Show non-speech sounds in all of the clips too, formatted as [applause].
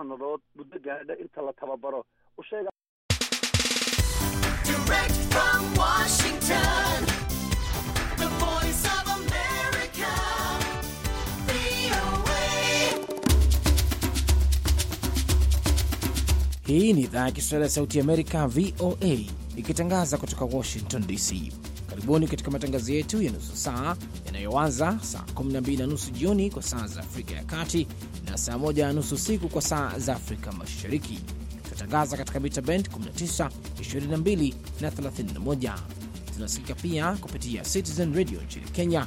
sannadood muddo gaadha inta la tababaro Hii ni idhaa ya Kiswahili ya Sauti Amerika, VOA, ikitangaza kutoka Washington DC. Karibuni katika matangazo yetu ya nusu saa yanayoanza saa 12 na nusu jioni kwa saa za Afrika ya Kati na saa moja na nusu usiku kwa saa za Afrika Mashariki. Tunatangaza katika mita bend 19, 22 na 31. Tunasikika pia kupitia Citizen Radio nchini Kenya,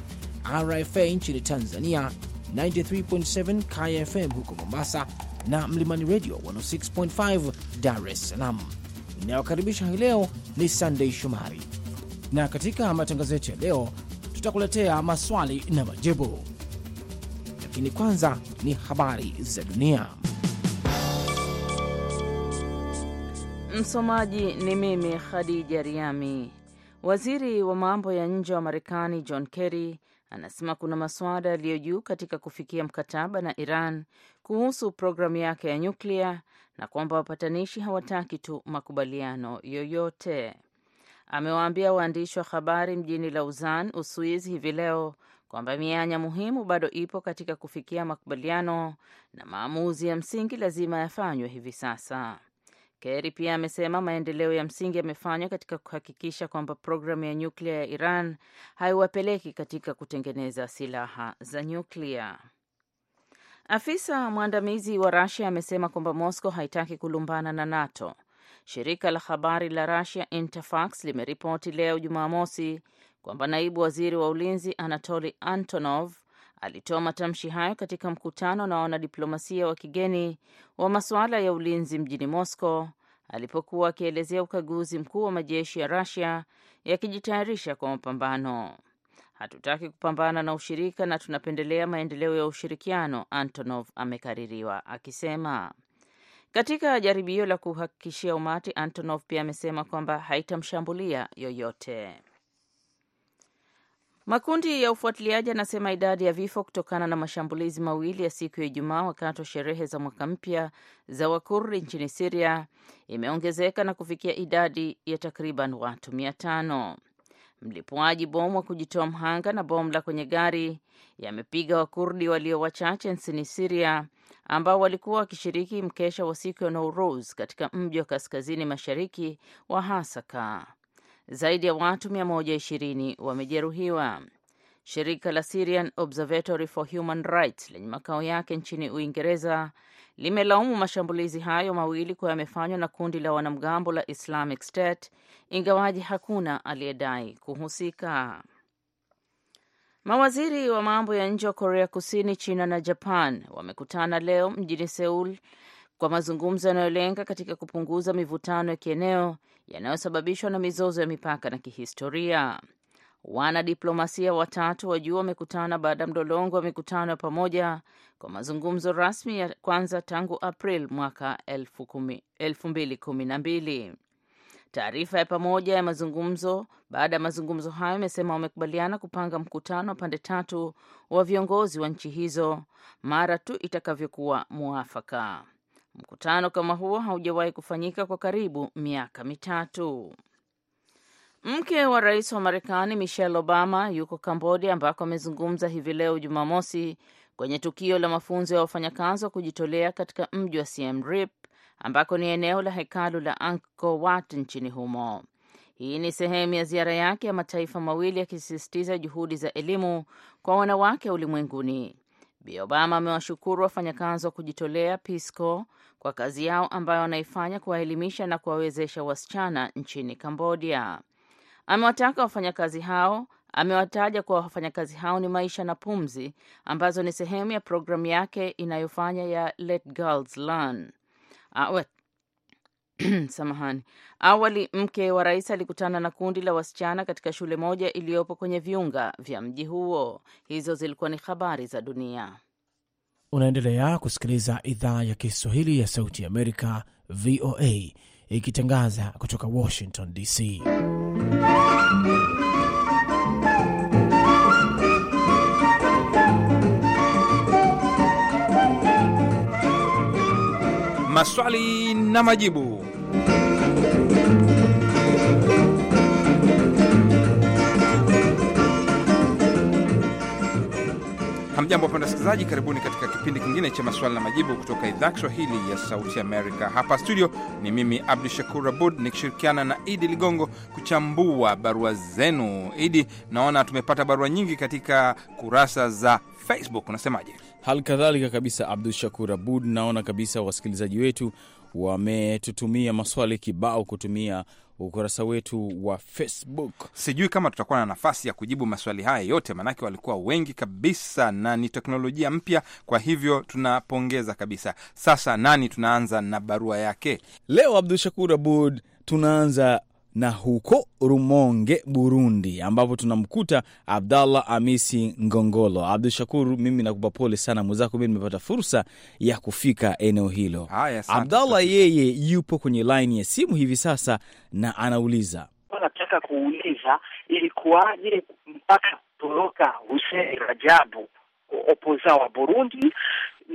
RFA nchini Tanzania, 93.7 KFM huko Mombasa na Mlimani Radio 106.5 Dar es Salaam. Inayokaribisha hii leo ni Sandei Shomari, na katika matangazo yetu ya leo tutakuletea maswali na majibu lakini kwanza ni habari za dunia. Msomaji ni mimi Khadija Riami. Waziri wa mambo ya nje wa Marekani John Kerry anasema kuna masuala yaliyo juu katika kufikia mkataba na Iran kuhusu programu yake ya nyuklia na kwamba wapatanishi hawataki tu makubaliano yoyote. Amewaambia waandishi wa habari mjini Lausanne, Uswizi hivi leo kwamba mianya muhimu bado ipo katika kufikia makubaliano na maamuzi ya msingi lazima yafanywe hivi sasa. Kerry pia amesema maendeleo ya msingi yamefanywa katika kuhakikisha kwamba programu ya nyuklia ya Iran haiwapeleki katika kutengeneza silaha za nyuklia. Afisa mwandamizi wa rasia amesema kwamba Moscow haitaki kulumbana na NATO. Shirika la habari la Russia Interfax limeripoti leo Jumamosi kwamba naibu waziri wa ulinzi Anatoli Antonov alitoa matamshi hayo katika mkutano na wanadiplomasia wa kigeni wa masuala ya ulinzi mjini Moscow alipokuwa akielezea ukaguzi mkuu wa majeshi ya rasia yakijitayarisha kwa mapambano. Hatutaki kupambana na ushirika na tunapendelea maendeleo ya ushirikiano, Antonov amekaririwa akisema. Katika jaribio la kuhakikishia umati, Antonov pia amesema kwamba haitamshambulia yoyote. Makundi ya ufuatiliaji yanasema idadi ya vifo kutokana na mashambulizi mawili ya siku ya Ijumaa wakati wa sherehe za mwaka mpya za Wakurdi nchini Siria imeongezeka na kufikia idadi ya takriban watu mia tano. Mlipuaji bomu wa kujitoa mhanga na bomu la kwenye gari yamepiga Wakurdi walio wachache nchini Siria ambao walikuwa wakishiriki mkesha wa siku ya Nowruz katika mji wa kaskazini mashariki wa Hasaka. Zaidi ya watu 120 wamejeruhiwa. Shirika la Syrian Observatory for Human Rights lenye makao yake nchini Uingereza limelaumu mashambulizi hayo mawili kuwa yamefanywa na kundi la wanamgambo la Islamic State ingawaji hakuna aliyedai kuhusika. Mawaziri wa mambo ya nje wa Korea Kusini, China na Japan wamekutana leo mjini Seul kwa mazungumzo yanayolenga katika kupunguza mivutano ya kieneo yanayosababishwa na mizozo ya mipaka na kihistoria. Wanadiplomasia watatu wa juu wamekutana baada ya mdolongo wa mikutano ya pamoja kwa mazungumzo rasmi ya kwanza tangu April mwaka 2012. Taarifa ya pamoja ya mazungumzo baada ya mazungumzo hayo imesema wamekubaliana kupanga mkutano wa pande tatu wa viongozi wa nchi hizo mara tu itakavyokuwa mwafaka. Mkutano kama huo haujawahi kufanyika kwa karibu miaka mitatu. Mke wa rais wa Marekani Michelle Obama yuko Kambodia ambako amezungumza hivi leo Jumamosi kwenye tukio la mafunzo ya wafanyakazi wa kujitolea katika mji wa Siem Reap ambako ni eneo la hekalu la Angkor Wat nchini humo. Hii ni sehemu ya ziara yake ya mataifa mawili, akisisitiza juhudi za elimu kwa wanawake ulimwenguni. Bi Obama amewashukuru wafanyakazi wa kujitolea PISCO kwa kazi yao ambayo wanaifanya kuwaelimisha na kuwawezesha wasichana nchini Kambodia. Amewataka wafanyakazi hao amewataja kuwa wafanyakazi hao ni maisha na pumzi ambazo ni sehemu ya programu yake inayofanya ya Let Girls Learn. [clears throat] Samahani. Awali mke wa rais alikutana na kundi la wasichana katika shule moja iliyopo kwenye viunga vya mji huo. Hizo zilikuwa ni habari za dunia. Unaendelea kusikiliza idhaa ya Kiswahili ya Sauti ya Amerika, VOA, ikitangaza kutoka Washington DC. maswali na majibu. Hamjambo wapenda wasikilizaji, karibuni katika kipindi kingine cha maswali na majibu kutoka idhaa Kiswahili ya Sauti Amerika. Hapa studio ni mimi Abdu Shakur Abud nikishirikiana na Idi Ligongo kuchambua barua zenu. Idi, naona tumepata barua nyingi katika kurasa za Facebook unasemaje? Hali kadhalika kabisa, Abdu Shakur Abud, naona kabisa wasikilizaji wetu wametutumia maswali kibao kutumia ukurasa wetu wa Facebook. Sijui kama tutakuwa na nafasi ya kujibu maswali haya yote, maanake walikuwa wengi kabisa na ni teknolojia mpya. Kwa hivyo tunapongeza kabisa. Sasa nani tunaanza na barua yake leo, Abdu Shakur Abud? Tunaanza na huko Rumonge, Burundi, ambapo tunamkuta Abdallah Amisi Ngongolo. Abdu Shakur, mimi nakupa pole sana mwenzako, mi nimepata fursa ya kufika eneo hilo. Abdallah yeye yupo kwenye laini ya simu hivi sasa na anauliza, nataka kuuliza ilikuwaje mpaka toroka huseni Rajabu opoza wa Burundi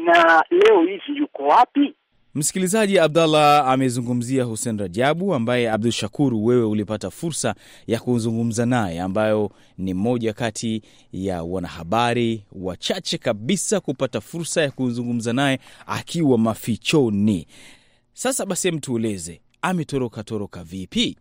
na leo hizi yuko wapi? Msikilizaji, Abdallah amezungumzia Hussein Rajabu ambaye Abdul Shakuru, wewe ulipata fursa ya kuzungumza naye, ambayo ni mmoja kati ya wanahabari wachache kabisa kupata fursa ya kuzungumza naye akiwa mafichoni. Sasa basi, tueleze ametoroka toroka vipi?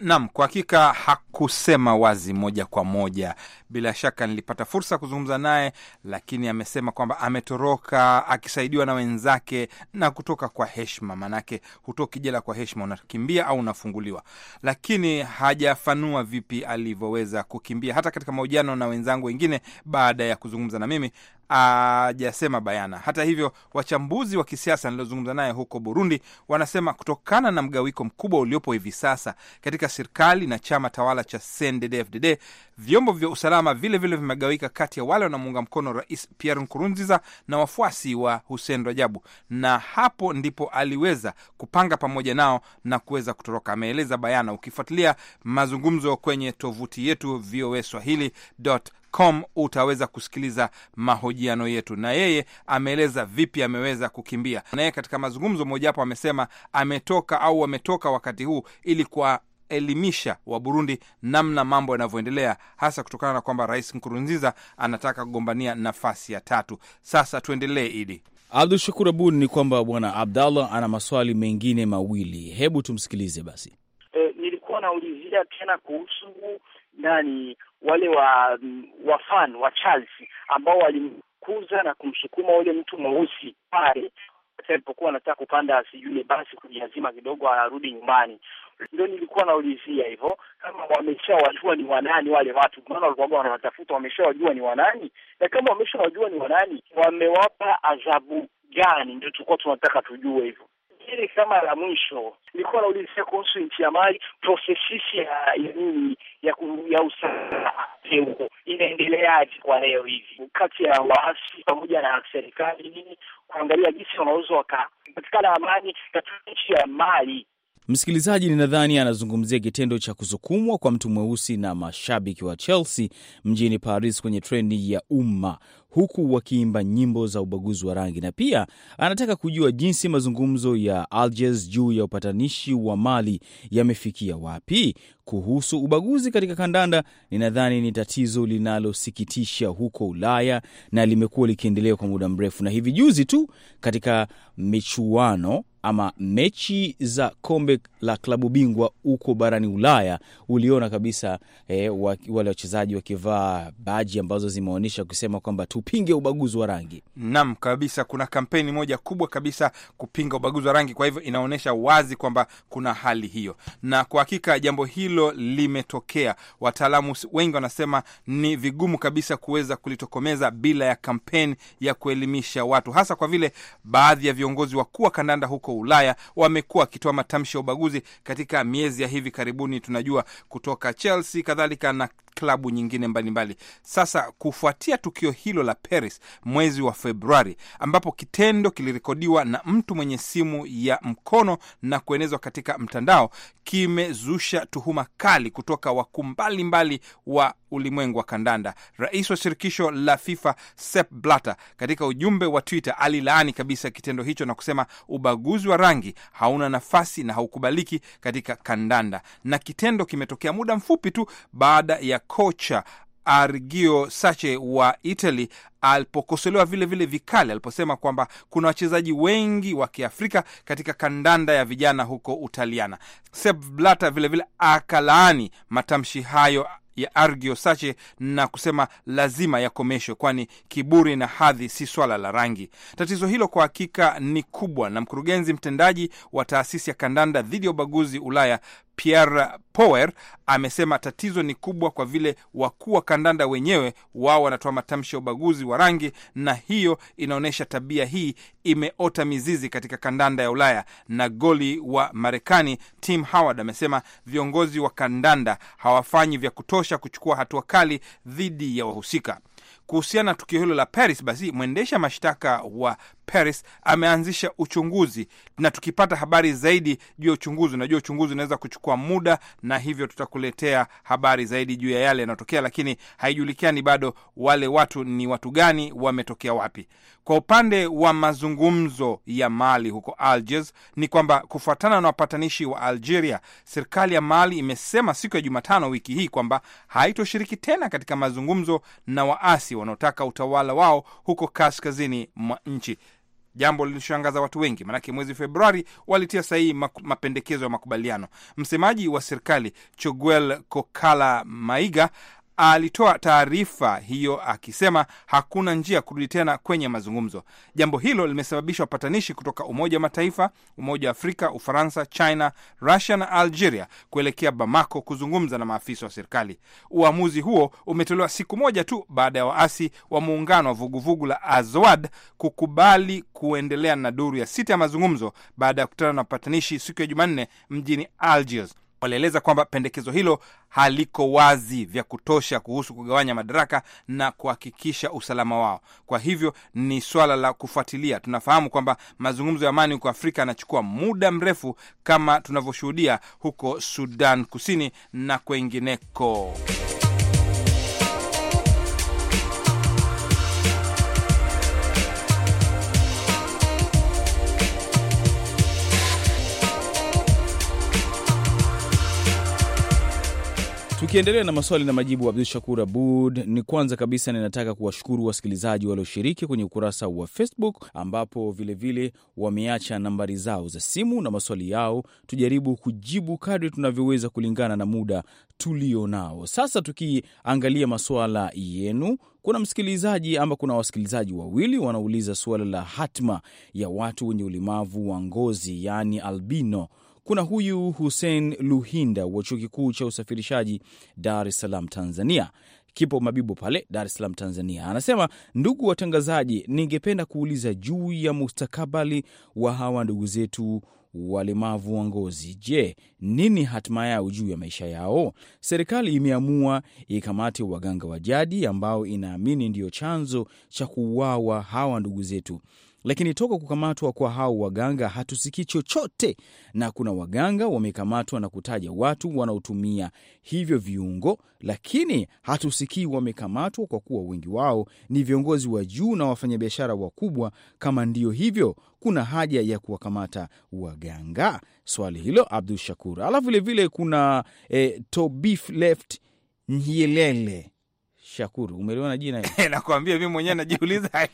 Naam, kwa hakika hakusema wazi moja kwa moja. Bila shaka nilipata fursa ya kuzungumza naye, lakini amesema kwamba ametoroka akisaidiwa na wenzake na kutoka kwa heshima. Maanake hutoki jela kwa heshima, unakimbia au unafunguliwa. Lakini hajafanua vipi alivyoweza kukimbia. Hata katika mahojiano na wenzangu wengine, baada ya kuzungumza na mimi, ajasema bayana. Hata hivyo, wachambuzi wa kisiasa niliozungumza naye huko Burundi wanasema kutokana na mgawiko mkubwa uliopo hivi sasa katika serikali na chama tawala cha CNDD-FDD, vyombo vya usalama vilevile vimegawika kati ya wale wanamuunga mkono Rais Pierre Nkurunziza na wafuasi wa Hussein Rajabu, na hapo ndipo aliweza kupanga pamoja nao na kuweza kutoroka, ameeleza bayana. Ukifuatilia mazungumzo kwenye tovuti yetu VOA Swahili com utaweza kusikiliza mahojiano yetu, na yeye ameeleza vipi ameweza kukimbia. Na yeye katika mazungumzo mojawapo amesema ametoka au ametoka wakati huu ili kwa elimisha wa Burundi namna mambo yanavyoendelea, hasa kutokana na kwamba Rais Nkurunziza anataka kugombania nafasi ya tatu. Sasa tuendelee. Idi Abdu Shakur Abud, ni kwamba Bwana Abdallah ana maswali mengine mawili, hebu tumsikilize basi. E, nilikuwa naulizia tena kuhusu nani wale wa wafan wa Chelsea ambao walimkuza na kumsukuma yule mtu mweusi pale alipokuwa anataka kupanda sijui basi kujiazima kidogo arudi nyumbani. Ndio nilikuwa naulizia hivyo, kama wameshawajua ni wanani wale watu, maana walikuwa wanawatafuta, wameshawajua ni wanani, na kama wameshawajua ni wanani, wamewapa adhabu gani? Ndio tulikuwa tunataka tujue hivyo. Hili kama la mwisho nilikuwa naulizia kuhusu nchi ya Mali, prosesisi ya nini ya, ya usalama huko inaendeleaje kwa leo hivi, kati ya waasi pamoja na serikali nini, kuangalia jinsi wanaweza wakapatikana amani katika nchi ya Mali. Msikilizaji, ninadhani anazungumzia kitendo cha kusukumwa kwa mtu mweusi na mashabiki wa Chelsea mjini Paris kwenye treni ya umma huku wakiimba nyimbo za ubaguzi wa rangi, na pia anataka kujua jinsi mazungumzo ya Algiers juu ya upatanishi wa Mali yamefikia wapi kuhusu ubaguzi katika kandanda. Ninadhani ni tatizo linalosikitisha huko Ulaya na limekuwa likiendelea kwa muda mrefu, na hivi juzi tu katika michuano ama mechi za kombe la klabu bingwa huko barani Ulaya, uliona kabisa eh, wale wachezaji wakivaa baji ambazo zimeonyesha kusema kwamba tupinge ubaguzi wa rangi. Naam kabisa, kuna kampeni moja kubwa kabisa kupinga ubaguzi wa rangi. Kwa hivyo inaonyesha wazi kwamba kuna hali hiyo, na kwa hakika jambo hilo limetokea. Wataalamu wengi wanasema ni vigumu kabisa kuweza kulitokomeza bila ya kampeni ya kuelimisha watu, hasa kwa vile baadhi ya viongozi wakuu wa kandanda huko Ulaya wamekuwa wakitoa matamshi ya ubaguzi katika miezi ya hivi karibuni, tunajua kutoka Chelsea kadhalika na klabu nyingine mbalimbali mbali. Sasa kufuatia tukio hilo la Paris mwezi wa Februari, ambapo kitendo kilirekodiwa na mtu mwenye simu ya mkono na kuenezwa katika mtandao, kimezusha tuhuma kali kutoka wakuu mbalimbali wa ulimwengu wa kandanda. Rais wa shirikisho la FIFA Sepp Blatter katika ujumbe wa Twitter alilaani kabisa kitendo hicho na kusema ubaguzi ubaguzi wa rangi hauna nafasi na haukubaliki katika kandanda, na kitendo kimetokea muda mfupi tu baada ya kocha Argio Sache wa Italy alipokosolewa vilevile vikali aliposema kwamba kuna wachezaji wengi wa Kiafrika katika kandanda ya vijana huko Utaliana. Sepp Blatter vilevile akalaani matamshi hayo ya Argio Sache na kusema lazima yakomeshwe, kwani kiburi na hadhi si swala la rangi. Tatizo hilo kwa hakika ni kubwa, na mkurugenzi mtendaji wa taasisi ya kandanda dhidi ya ubaguzi Ulaya Pierre Power amesema tatizo ni kubwa kwa vile wakuu wa kandanda wenyewe wao wanatoa matamshi ya ubaguzi wa rangi, na hiyo inaonyesha tabia hii imeota mizizi katika kandanda ya Ulaya. Na goli wa Marekani Tim Howard amesema viongozi wa kandanda hawafanyi vya kutosha kuchukua hatua kali dhidi ya wahusika. Kuhusiana na tukio hilo la Paris, basi mwendesha mashtaka wa Paris ameanzisha uchunguzi, na tukipata habari zaidi juu ya uchunguzi, unajua uchunguzi unaweza kuchukua muda, na hivyo tutakuletea habari zaidi juu ya yale yanayotokea, lakini haijulikani bado wale watu ni watu gani, wametokea wapi. Kwa upande wa mazungumzo ya Mali huko Algiers ni kwamba kufuatana na wapatanishi wa Algeria, serikali ya Mali imesema siku ya Jumatano wiki hii kwamba haitoshiriki tena katika mazungumzo na waasi wanaotaka utawala wao huko kaskazini mwa nchi jambo lilishangaza watu wengi, maanake mwezi Februari walitia sahihi mapendekezo ya makubaliano. Msemaji wa serikali Choguel Kokala Maiga alitoa taarifa hiyo akisema hakuna njia ya kurudi tena kwenye mazungumzo. Jambo hilo limesababisha wapatanishi kutoka Umoja wa Mataifa, Umoja wa Afrika, Ufaransa, China, Rusia na Algeria kuelekea Bamako kuzungumza na maafisa wa serikali. Uamuzi huo umetolewa siku moja tu baada ya waasi wa muungano wa vuguvugu la Azawad kukubali kuendelea na duru ya sita ya mazungumzo baada ya kukutana na wapatanishi siku ya Jumanne mjini Algiers walieleza kwamba pendekezo hilo haliko wazi vya kutosha kuhusu kugawanya madaraka na kuhakikisha usalama wao. Kwa hivyo ni swala la kufuatilia. Tunafahamu kwamba mazungumzo ya amani huko Afrika yanachukua muda mrefu kama tunavyoshuhudia huko Sudan Kusini na kwengineko. Tukiendelea na maswali na majibu, Abdul Shakur Abud, ni kwanza kabisa ninataka kuwashukuru wasikilizaji walioshiriki kwenye ukurasa wa Facebook, ambapo vilevile wameacha nambari zao za simu na maswali yao, tujaribu kujibu kadri tunavyoweza kulingana na muda tulio nao. Sasa tukiangalia maswala yenu kuna msikilizaji ama kuna wasikilizaji wawili wanauliza suala la hatma ya watu wenye ulemavu wa ngozi, yaani albino kuna huyu Hussein Luhinda wa chuo kikuu cha usafirishaji Dar es Salaam, Tanzania, kipo Mabibo pale Dar es Salaam, Tanzania. Anasema, ndugu watangazaji, ningependa kuuliza juu ya mustakabali wa hawa ndugu zetu walemavu wa ngozi. Je, nini hatima yao juu ya maisha yao? Serikali imeamua ikamate waganga wa jadi ambao inaamini ndiyo chanzo cha kuuawa hawa ndugu zetu. Lakini toka kukamatwa kwa hao waganga hatusikii chochote, na kuna waganga wamekamatwa na kutaja watu wanaotumia hivyo viungo, lakini hatusikii wamekamatwa, kwa kuwa wengi wao ni viongozi wa juu na wafanyabiashara wakubwa. Kama ndio hivyo, kuna haja ya kuwakamata waganga? Swali hilo Abdu Shakur. Alafu vilevile kuna eh, Tobif left Nhielele Shakuru, umeliona jina hili [laughs] nakwambia, mimi mwenyewe najiuliza. [laughs]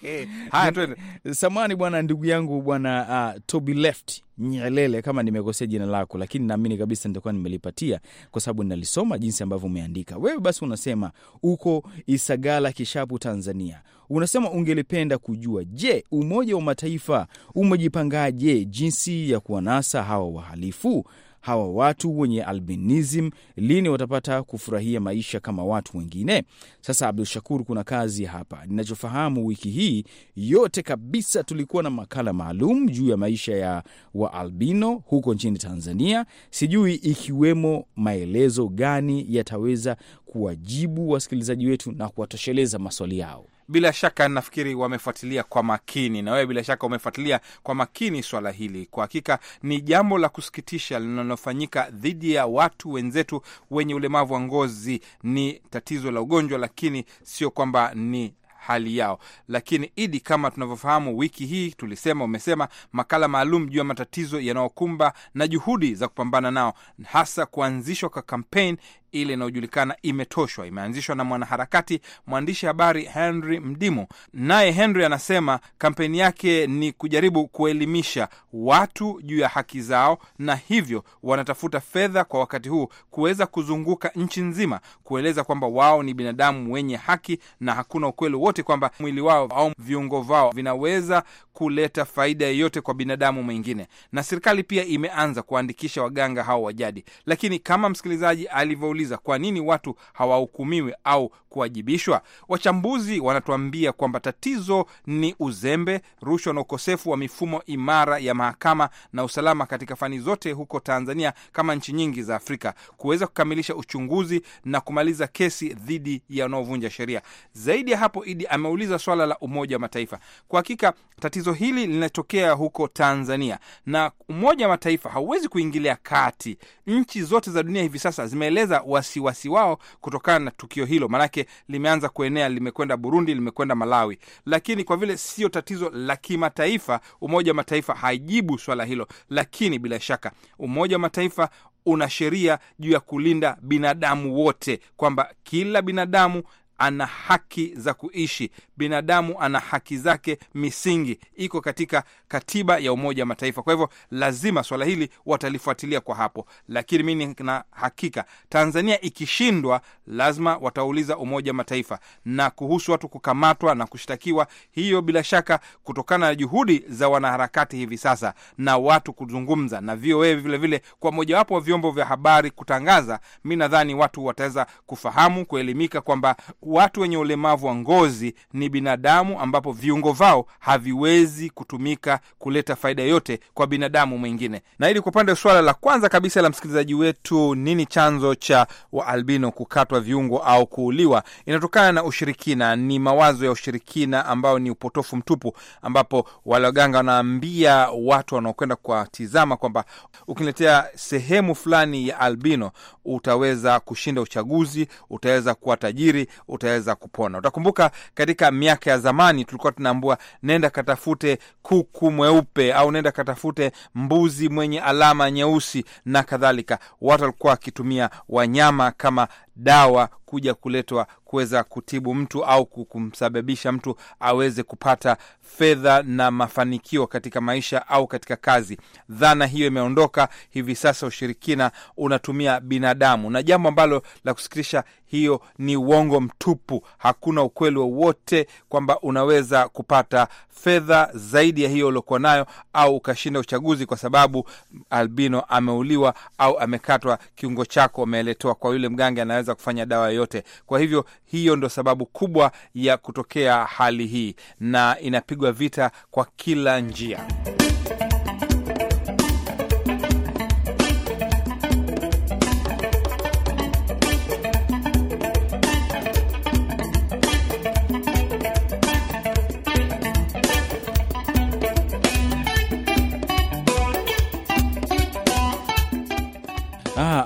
Haya, twende. Samani bwana, ndugu yangu bwana uh, Toby Left Nyelele, kama nimekosea jina lako, lakini naamini kabisa nitakuwa nimelipatia kwa sababu nalisoma jinsi ambavyo umeandika wewe. Basi unasema uko Isagala, Kishapu, Tanzania. Unasema ungelipenda kujua, je, Umoja wa Mataifa umejipangaje jinsi ya kuwanasa hawa wahalifu? hawa watu wenye albinism lini watapata kufurahia maisha kama watu wengine? Sasa Abdul Shakur, kuna kazi hapa. Ninachofahamu wiki hii yote kabisa tulikuwa na makala maalum juu ya maisha ya waalbino huko nchini Tanzania. Sijui ikiwemo maelezo gani yataweza kuwajibu wasikilizaji wetu na kuwatosheleza maswali yao bila shaka nafikiri wamefuatilia kwa makini, na wewe bila shaka umefuatilia kwa makini swala hili. Kwa hakika ni jambo la kusikitisha linalofanyika dhidi ya watu wenzetu wenye ulemavu wa ngozi. Ni tatizo la ugonjwa, lakini sio kwamba ni hali yao. Lakini Idi, kama tunavyofahamu, wiki hii tulisema, umesema makala maalum juu ya matatizo yanayokumba na juhudi za kupambana nao, hasa kuanzishwa kwa kampeni ile inayojulikana imetoshwa, imeanzishwa na mwanaharakati mwandishi habari Henry Mdimu. Naye Henry anasema kampeni yake ni kujaribu kuelimisha watu juu ya haki zao, na hivyo wanatafuta fedha kwa wakati huu kuweza kuzunguka nchi nzima kueleza kwamba wao ni binadamu wenye haki na hakuna ukweli wote kwamba mwili wao au viungo vao vinaweza kuleta faida yeyote kwa binadamu mwingine. Na serikali pia imeanza kuandikisha waganga hao wa jadi, lakini kama msikilizaji alivyo kujiuliza kwa nini watu hawahukumiwi au kuwajibishwa. Wachambuzi wanatuambia kwamba tatizo ni uzembe, rushwa na ukosefu wa mifumo imara ya mahakama na usalama katika fani zote huko Tanzania kama nchi nyingi za Afrika, kuweza kukamilisha uchunguzi na kumaliza kesi dhidi ya wanaovunja sheria. Zaidi ya hapo, Idi ameuliza swala la Umoja wa Mataifa. Kwa hakika tatizo hili linatokea huko Tanzania na Umoja wa Mataifa hauwezi kuingilia kati. Nchi zote za dunia hivi sasa zimeeleza wasiwasi wao kutokana na tukio hilo, maanake lake limeanza kuenea, limekwenda Burundi, limekwenda Malawi. Lakini kwa vile sio tatizo la kimataifa, Umoja wa Mataifa haijibu swala hilo, lakini bila shaka Umoja wa Mataifa una sheria juu ya kulinda binadamu wote, kwamba kila binadamu ana haki za kuishi, binadamu ana haki zake misingi, iko katika katiba ya Umoja wa Mataifa. Kwa hivyo lazima swala hili watalifuatilia kwa hapo, lakini mi na hakika Tanzania ikishindwa, lazima watauliza Umoja wa Mataifa. Na kuhusu watu kukamatwa na kushtakiwa, hiyo bila shaka kutokana na juhudi za wanaharakati hivi sasa na watu kuzungumza na VOA vilevile, kwa mojawapo wa vyombo vya habari kutangaza, mi nadhani watu wataweza kufahamu, kuelimika kwamba watu wenye ulemavu wa ngozi ni binadamu, ambapo viungo vao haviwezi kutumika kuleta faida yote kwa binadamu mwingine. Na ili kwa upande suala la kwanza kabisa la msikilizaji wetu, nini chanzo cha waalbino kukatwa viungo au kuuliwa? Inatokana na ushirikina, ni mawazo ya ushirikina ambao ni upotofu mtupu, ambapo wale wanaambia watu wanaokwenda kuwatizama kwamba ukiletea sehemu fulani ya albino utaweza kushinda uchaguzi, utaweza kuwa tajiri, utaweza kupona. Utakumbuka katika miaka ya zamani tulikuwa tunaambua nenda katafute kuku mweupe au nenda katafute mbuzi mwenye alama nyeusi na kadhalika. Watu walikuwa wakitumia wanyama kama dawa kuja kuletwa kuweza kutibu mtu au kumsababisha mtu aweze kupata fedha na mafanikio katika maisha au katika kazi. Dhana hiyo imeondoka hivi sasa, ushirikina unatumia binadamu, na jambo ambalo la kusikitisha, hiyo ni uongo mtupu. Hakuna ukweli wowote kwamba unaweza kupata fedha zaidi ya hiyo uliokuwa nayo au ukashinda uchaguzi kwa sababu albino ameuliwa au amekatwa kiungo chako, ameletewa kwa yule mganga na wanaweza kufanya dawa yoyote. Kwa hivyo hiyo ndo sababu kubwa ya kutokea hali hii, na inapigwa vita kwa kila njia.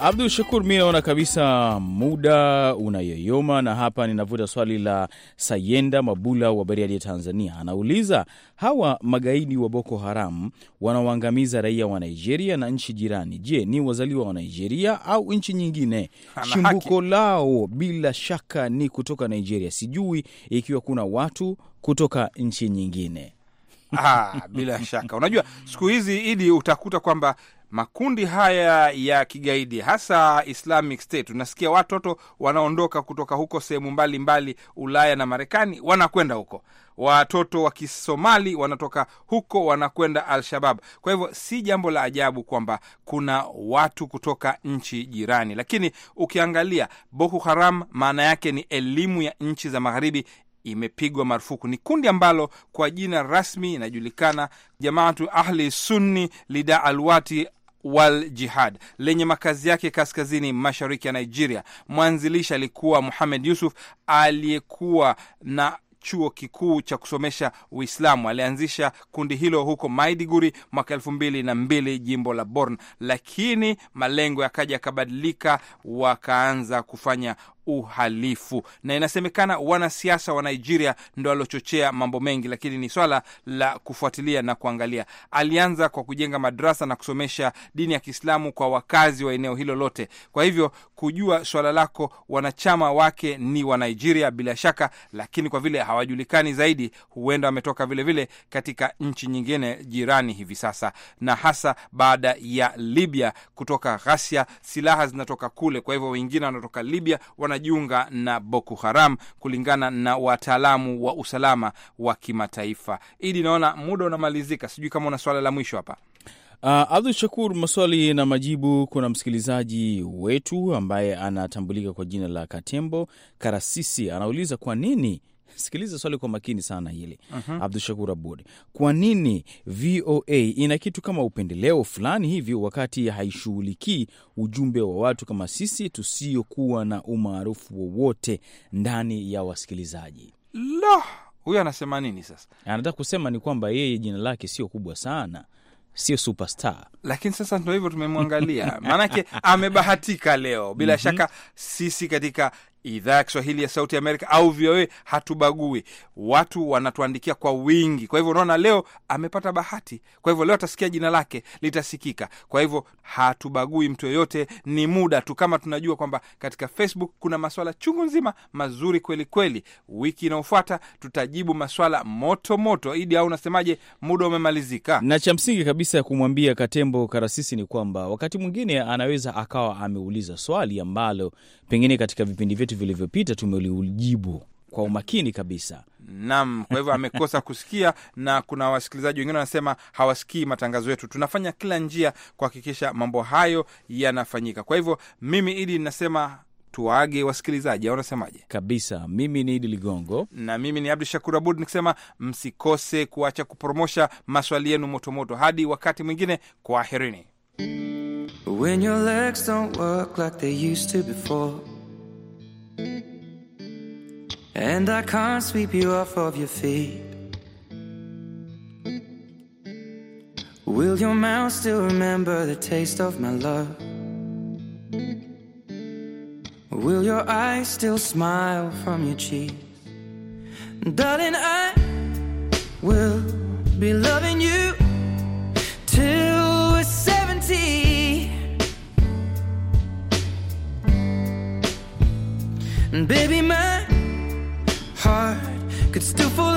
Abdul Shakur, mi naona kabisa muda unayoyoma, na hapa ninavuta swali la Sayenda Mabula wa Bariadi, ya Tanzania. Anauliza, hawa magaidi wa Boko Haram wanaoangamiza raia wa Nigeria na nchi jirani, je, ni wazaliwa wa Nigeria au nchi nyingine? Chimbuko lao bila shaka ni kutoka Nigeria. Sijui ikiwa kuna watu kutoka nchi nyingine. Ah, bila shaka unajua siku hizi Idi utakuta kwamba makundi haya ya kigaidi hasa Islamic State. Unasikia watoto wanaondoka kutoka huko sehemu mbalimbali Ulaya na Marekani wanakwenda huko, watoto wa Kisomali wanatoka huko wanakwenda Al-Shabab. Kwa hivyo si jambo la ajabu kwamba kuna watu kutoka nchi jirani, lakini ukiangalia Boko Haram maana yake ni elimu ya nchi za magharibi imepigwa marufuku. Ni kundi ambalo kwa jina rasmi inajulikana Jamaatu Ahli Sunni Lida Alwati wal Jihad lenye makazi yake kaskazini mashariki ya Nigeria. Mwanzilishi alikuwa Muhamed Yusuf aliyekuwa na chuo kikuu cha kusomesha Uislamu. Alianzisha kundi hilo huko Maiduguri mwaka elfu mbili na mbili, jimbo la Borno, lakini malengo yakaja yakabadilika, wakaanza kufanya uhalifu, na inasemekana wanasiasa wa Nigeria ndo waliochochea mambo mengi, lakini ni swala la kufuatilia na kuangalia. Alianza kwa kujenga madrasa na kusomesha dini ya Kiislamu kwa wakazi wa eneo hilo lote. Kwa hivyo kujua swala lako, wanachama wake ni wa Nigeria bila shaka, lakini kwa vile hawajulikani zaidi, huenda wametoka vilevile katika nchi nyingine jirani hivi sasa, na hasa baada ya Libya kutoka ghasia, silaha zinatoka kule. Kwa hivyo wengine wanatoka Libya wana wanajiunga na Boko Haram, kulingana na wataalamu wa usalama wa kimataifa. Idi, naona muda unamalizika, sijui kama una swala la mwisho hapa. Uh, ah, Abdul Shakur, maswali na majibu. Kuna msikilizaji wetu ambaye anatambulika kwa jina la Katembo Karasisi, anauliza kwa nini sikiliza swali kwa makini sana hili uh-huh. Abdu Shakur Abud, kwa nini VOA ina kitu kama upendeleo fulani hivi wakati haishughulikii ujumbe wa watu kama sisi tusiokuwa na umaarufu wowote ndani ya wasikilizaji? La, huyo anasema nini sasa? Anataka kusema ni kwamba yeye jina lake sio kubwa sana sio superstar lakini sasa ndo hivyo tumemwangalia, maanake amebahatika leo bila mm -hmm. shaka sisi katika idhaa ya Kiswahili ya Sauti Amerika au VOA, hatubagui. Watu wanatuandikia kwa wingi, kwa hivyo unaona leo amepata bahati. Kwa hivyo leo atasikia jina lake litasikika. Kwa hivyo hatubagui mtu yoyote, ni muda tu, kama tunajua kwamba katika Facebook kuna maswala chungu nzima mazuri kweli kweli. Wiki inayofuata tutajibu maswala moto moto. Idi, au unasemaje? Muda umemalizika, na cha msingi kabisa ya kumwambia Katembo Karasisi ni kwamba wakati mwingine anaweza akawa ameuliza swali ambalo pengine katika vipindi vyetu vitu vilivyopita tumeliujibu kwa umakini kabisa. nam kwa hivyo amekosa kusikia, na kuna wasikilizaji wengine wanasema hawasikii matangazo yetu. Tunafanya kila njia kuhakikisha mambo hayo yanafanyika. Kwa hivyo mimi Idi nasema tuwage wasikilizaji, au Kabisa. Mimi ni Idi Ligongo na mimi ni Abdu Shakur Abud nikisema msikose kuacha kupromosha maswali yenu motomoto. Hadi wakati mwingine, kwaherini. When your legs don't work like they used to before. And I can't sweep you off of your feet. Will your mouth still remember the taste of my love? Will your eyes still smile from your cheeks? Darling, I will be loving you till we're baby, my heart could still fall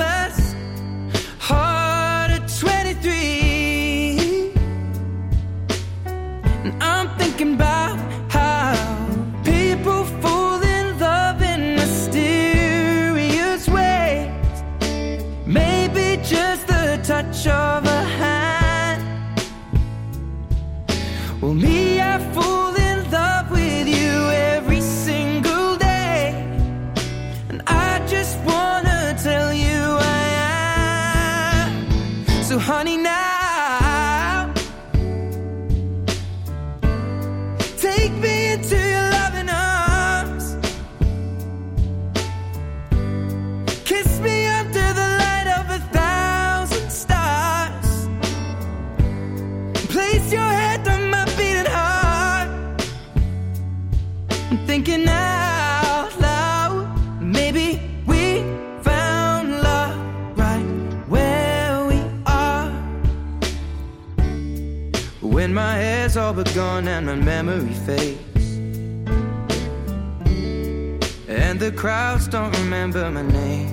crowds don't remember my name.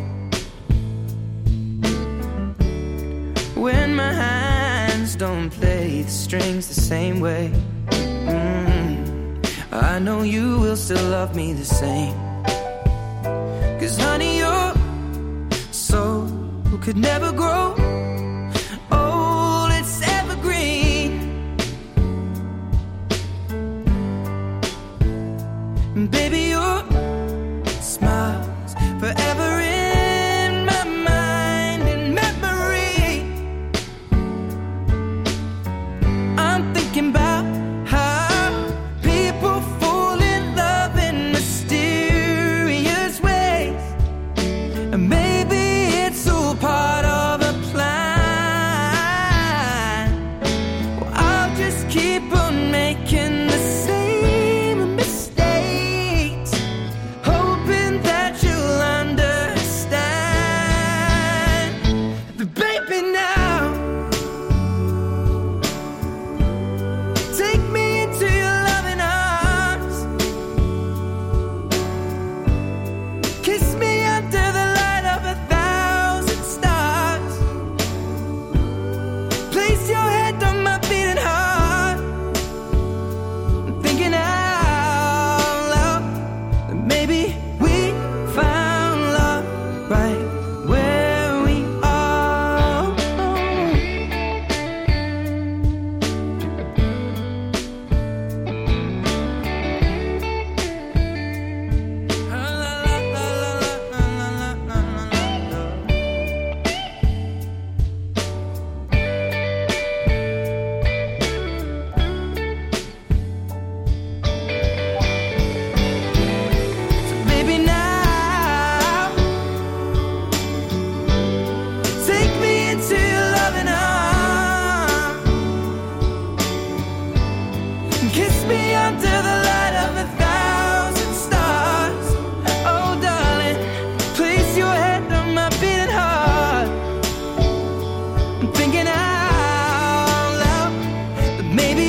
When my hands don't play the strings the same way. mm I know you will still love me the same. Cause honey, your soul could never grow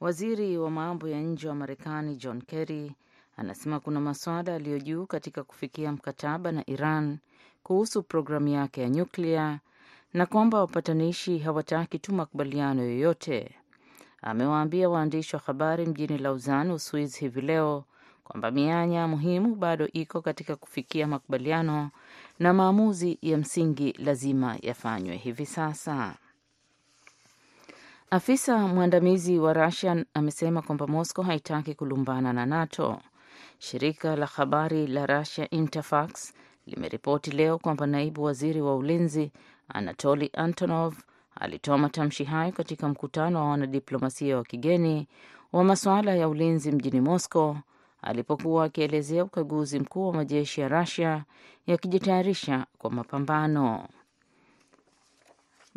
Waziri wa mambo ya nje wa Marekani John Kerry anasema kuna masuala yaliyo juu katika kufikia mkataba na Iran kuhusu programu yake ya nyuklia na kwamba wapatanishi hawataki tu makubaliano yoyote. Amewaambia waandishi wa habari mjini Lausanne, Uswizi hivi leo kwamba mianya muhimu bado iko katika kufikia makubaliano na maamuzi ya msingi lazima yafanywe hivi sasa. Afisa mwandamizi wa Rusia amesema kwamba Moscow haitaki kulumbana na NATO. Shirika la habari la Rusia Interfax limeripoti leo kwamba naibu waziri wa ulinzi Anatoli Antonov alitoa matamshi hayo katika mkutano wa wanadiplomasia wa kigeni wa masuala ya ulinzi mjini Moscow alipokuwa akielezea ukaguzi mkuu wa majeshi ya Rusia yakijitayarisha kwa mapambano.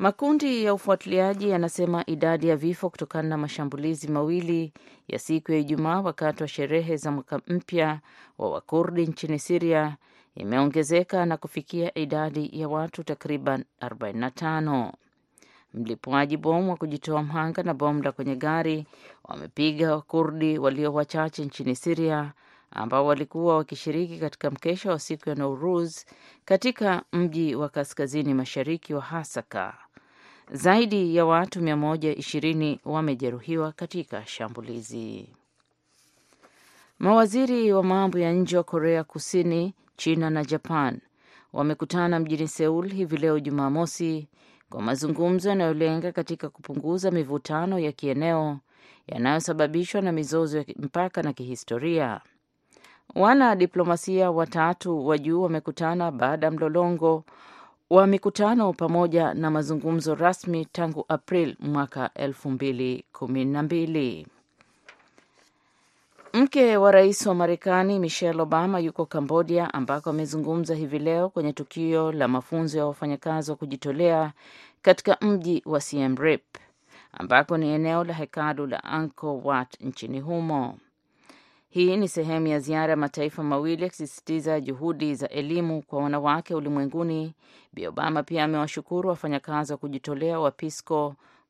Makundi ya ufuatiliaji yanasema idadi ya vifo kutokana na mashambulizi mawili ya siku ya Ijumaa wakati wa sherehe za mwaka mpya wa Wakurdi nchini Siria imeongezeka na kufikia idadi ya watu takriban 45. Mlipuaji bomu wa kujitoa mhanga na bomu la kwenye gari wamepiga Wakurdi walio wachache nchini Siria ambao walikuwa wakishiriki katika mkesha wa siku ya Nauruz katika mji wa kaskazini mashariki wa Hasaka. Zaidi ya watu 120 wamejeruhiwa katika shambulizi. Mawaziri wa mambo ya nje wa Korea Kusini, China na Japan wamekutana mjini Seul hivi leo Jumamosi kwa mazungumzo yanayolenga katika kupunguza mivutano ya kieneo yanayosababishwa na mizozo ya mpaka na kihistoria. Wana diplomasia watatu wa juu wamekutana baada ya mlolongo wa mikutano pamoja na mazungumzo rasmi tangu April mwaka elfu mbili kumi na mbili. Mke wa rais wa Marekani Michelle Obama yuko Kambodia ambako amezungumza hivi leo kwenye tukio la mafunzo ya wafanyakazi wa kujitolea katika mji wa Siem Reap ambako ni eneo la hekalu la Angkor Wat nchini humo. Hii ni sehemu ya ziara ya mataifa mawili yakisisitiza juhudi za elimu kwa wanawake ulimwenguni. Bi Obama pia amewashukuru wafanyakazi wa kujitolea wa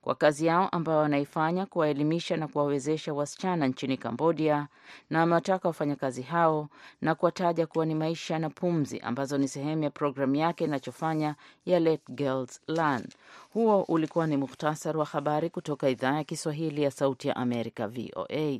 kwa kazi yao ambayo wanaifanya kuwaelimisha na kuwawezesha wasichana nchini Kambodia, na amewataka wafanyakazi hao na kuwataja kuwa ni maisha na pumzi, ambazo ni sehemu ya programu yake inachofanya ya Let Girls Learn. Huo ulikuwa ni muhtasari wa habari kutoka idhaa ya Kiswahili ya Sauti ya Amerika, VOA.